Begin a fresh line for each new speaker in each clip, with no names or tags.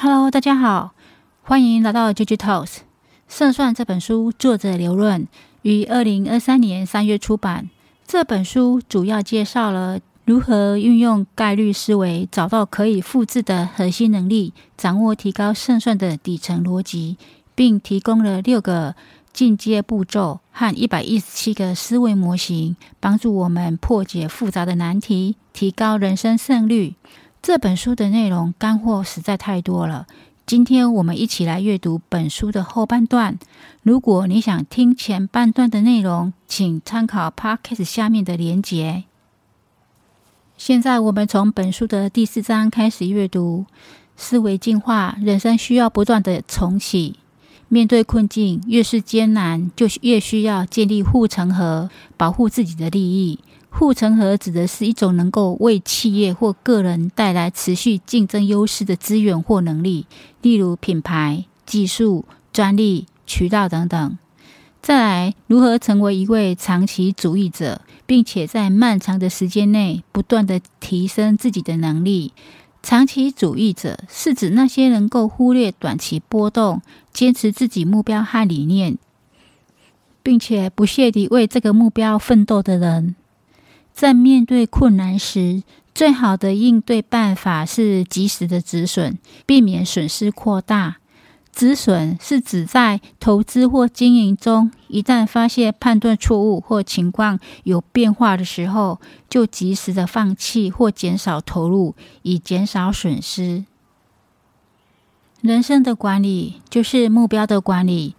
Hello，大家好，歡迎來到 GG Talks。《勝算》這本書，作者劉潤於二零二三年三月出版。這本書主要介紹了如何運用概率思維，找到可以複製的核心能力，掌握提高勝算的底層邏輯，並提供了六個進階步驟和一百一十七個思維模型，幫助我們破解複雜的難題，提高人生勝率。這本書的內容乾貨實在太多了。今天我們一起來閱讀本書的後半段。如果你想聽前半段的內容，請參考 Podcast 下面的鏈接。現在我們從本書的第四章開始閱讀。思維進化，人生需要不斷的重啟。面對困境，越是艱難，就越需要建立護城河，保護自己的利益。護城河指的是一種能夠為企業或個人帶來持續競爭優勢的資源或能力，例如品牌、技術、專利、渠道等等。再來，如何成為一位長期主義者，並且在漫長的時間內不斷的提升自己的能力？長期主義者是指那些能夠忽略短期波動，堅持自己目標和理念，並且不懈地為這個目標奮鬥的人。在面對困難時，最好的應對辦法是及時的止損，避免損失擴大。止損是指在投資或經營中，一旦發現判斷錯誤或情況有變化的時候，就及時的放棄或減少投入，以減少損失。人生的管理就是目標的管理，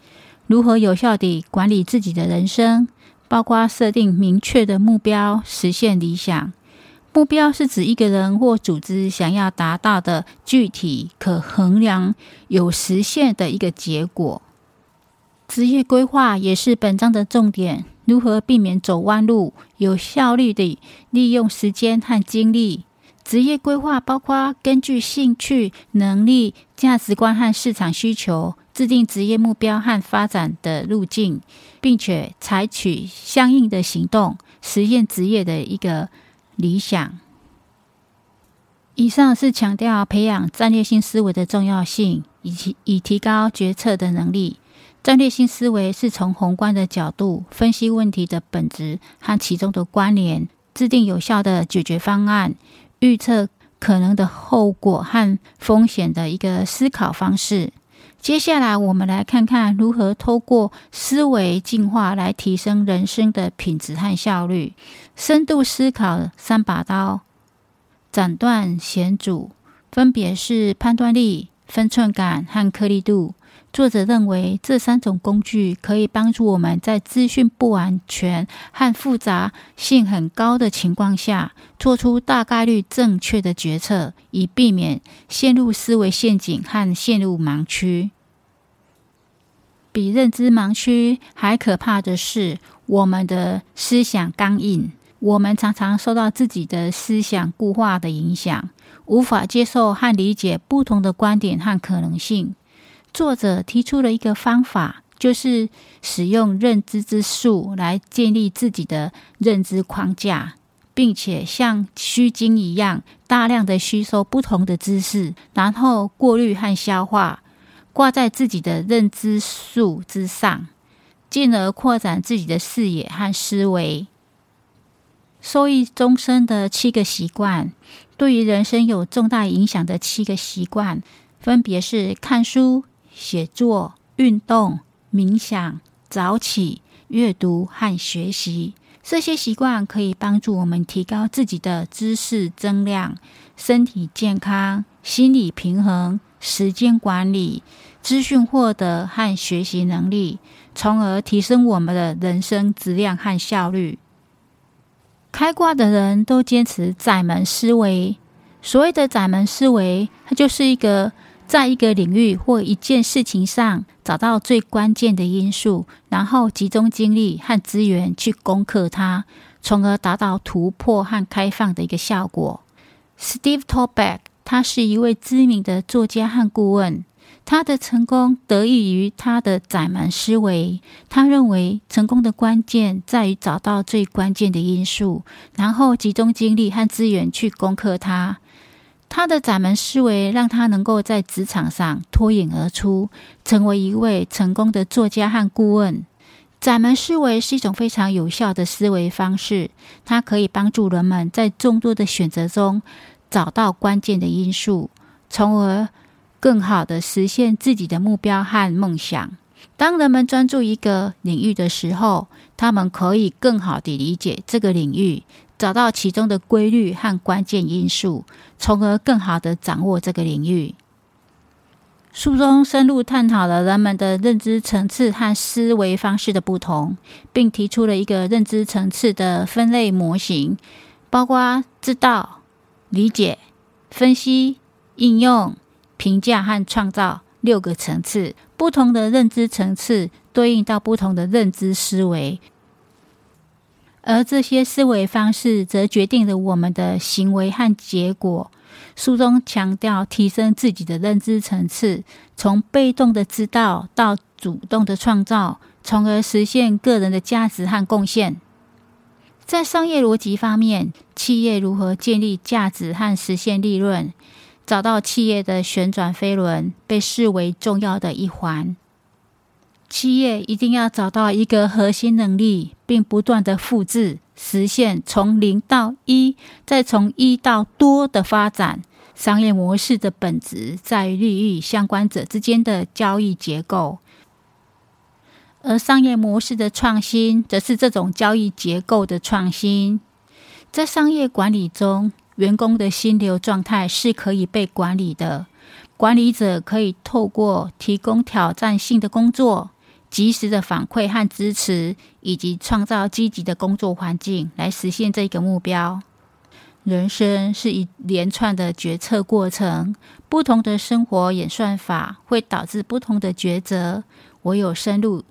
如何有效地管理自己的人生？包括設定明確的目標，實現理想。目標是指一個人或組織想要達到的具體、可衡量、有實現的一個結果。職業規劃也是本章的重點，如何避免走彎路，有效率地利用時間和精力。職業規劃包括根據興趣、能力、價值觀和市場需求。制定職業目標和發展的路徑，並且採取相應的行動，實現職業的一個理想。以上是強調培養戰略性思維的重要性，以及以提高決策的能力。戰略性思維是從宏觀的角度分析問題的本質和其中的關聯，制定有效的解決方案，預測可能的後果和風險的一個思考方式。接下來，我們來看看如何通過思維進化來提昇人生的品質和效率。深度思考三把刀，斬斷險阻，分別是判斷力、分寸感和顆粒度。作者認為，這三種工具可以幫助我們在資訊不完全和複雜性很高的情況下，做出大概率正確的決策，以避免陷入思維陷阱和陷入盲區。比認知盲區還可怕的是，我們的思想剛硬，我們常常受到自己的思想固化的影響，無法接受和理解不同的觀點和可能性。作者提出了一個方法，就是使用認知之樹來建立自己的認知框架，並且像須鯨一樣，大量的吸收不同的知識，然後過濾和消化，掛在自己的認知樹之上，進而擴展自己的視野和思維。受益終身的七個習慣，對於人生有重大影響的七個習慣，分別是看書。寫作、運動、冥想、早起、閱讀和學習，這些習慣可以幫助我們提高自己的知識增量、身體健康、心理平衡、時間管理、資訊獲得和學習能力，從而提升我們的人生質量和效率。開掛的人都堅持窄門思維，所謂的窄門思維，它就是一個。在一個領域或一件事情上找到最關鍵的因素，然後集中精力和資源去攻克它，從而達到突破和開放的一個效果。Steve Toback，他是一位知名的作家和顧問，他的成功得益於他的窄門思維。他認為，成功的關鍵在於找到最關鍵的因素，然後集中精力和資源去攻克它。他的窄門思維讓他能夠在職場上脫穎而出，成為一位成功的作家和顧問。窄門思維是一種非常有效的思維方式，它可以幫助人們在眾多的選擇中找到關鍵的因素，從而更好地實現自己的目標和夢想。當人們專注一個領域的時候，他們可以更好地理解這個領域，找到其中的規律和關鍵因素，從而更好地掌握這個領域。書中深入探討了人們的認知層次和思維方式的不同，並提出了一個認知層次的分類模型，包括知道、理解、分析、應用、評價和創造。六個層次，不同的認知層次對應到不同的認知思維，而這些思維方式則決定了我們的行為和結果。書中強調提升自己的認知層次，從被動的知道到主動的創造，從而實現個人的價值和貢獻。在商業邏輯方面，企業如何建立價值和實現利潤？找到企業的旋轉飛輪被視為重要的一環。企業一定要找到一個核心能力，並不斷地複製，實現從零到一，再從一到多的發展。商業模式的本質在於利益相關者之間的交易結構，而商業模式的創新，則是這種交易結構的創新。在商業管理中，員工的心流狀態是可以被管理的，管理者可以透過提供挑戰性的工作、及時的反饋和支持，以及創造積極的工作環境，來實現這個目標。人生是一連串的決策過程，不同的生活演算法會導致不同的抉擇。唯有深入、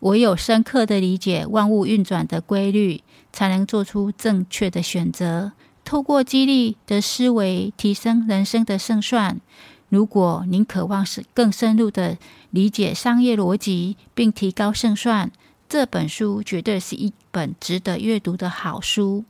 唯有深刻的理解萬物運轉的規律，才能做出正確的選擇。透過概率的思維提升人生的勝算。如果您渴望是更深入的理解商業邏輯並提高勝算，這本書絕對是一本值得閱讀的好書。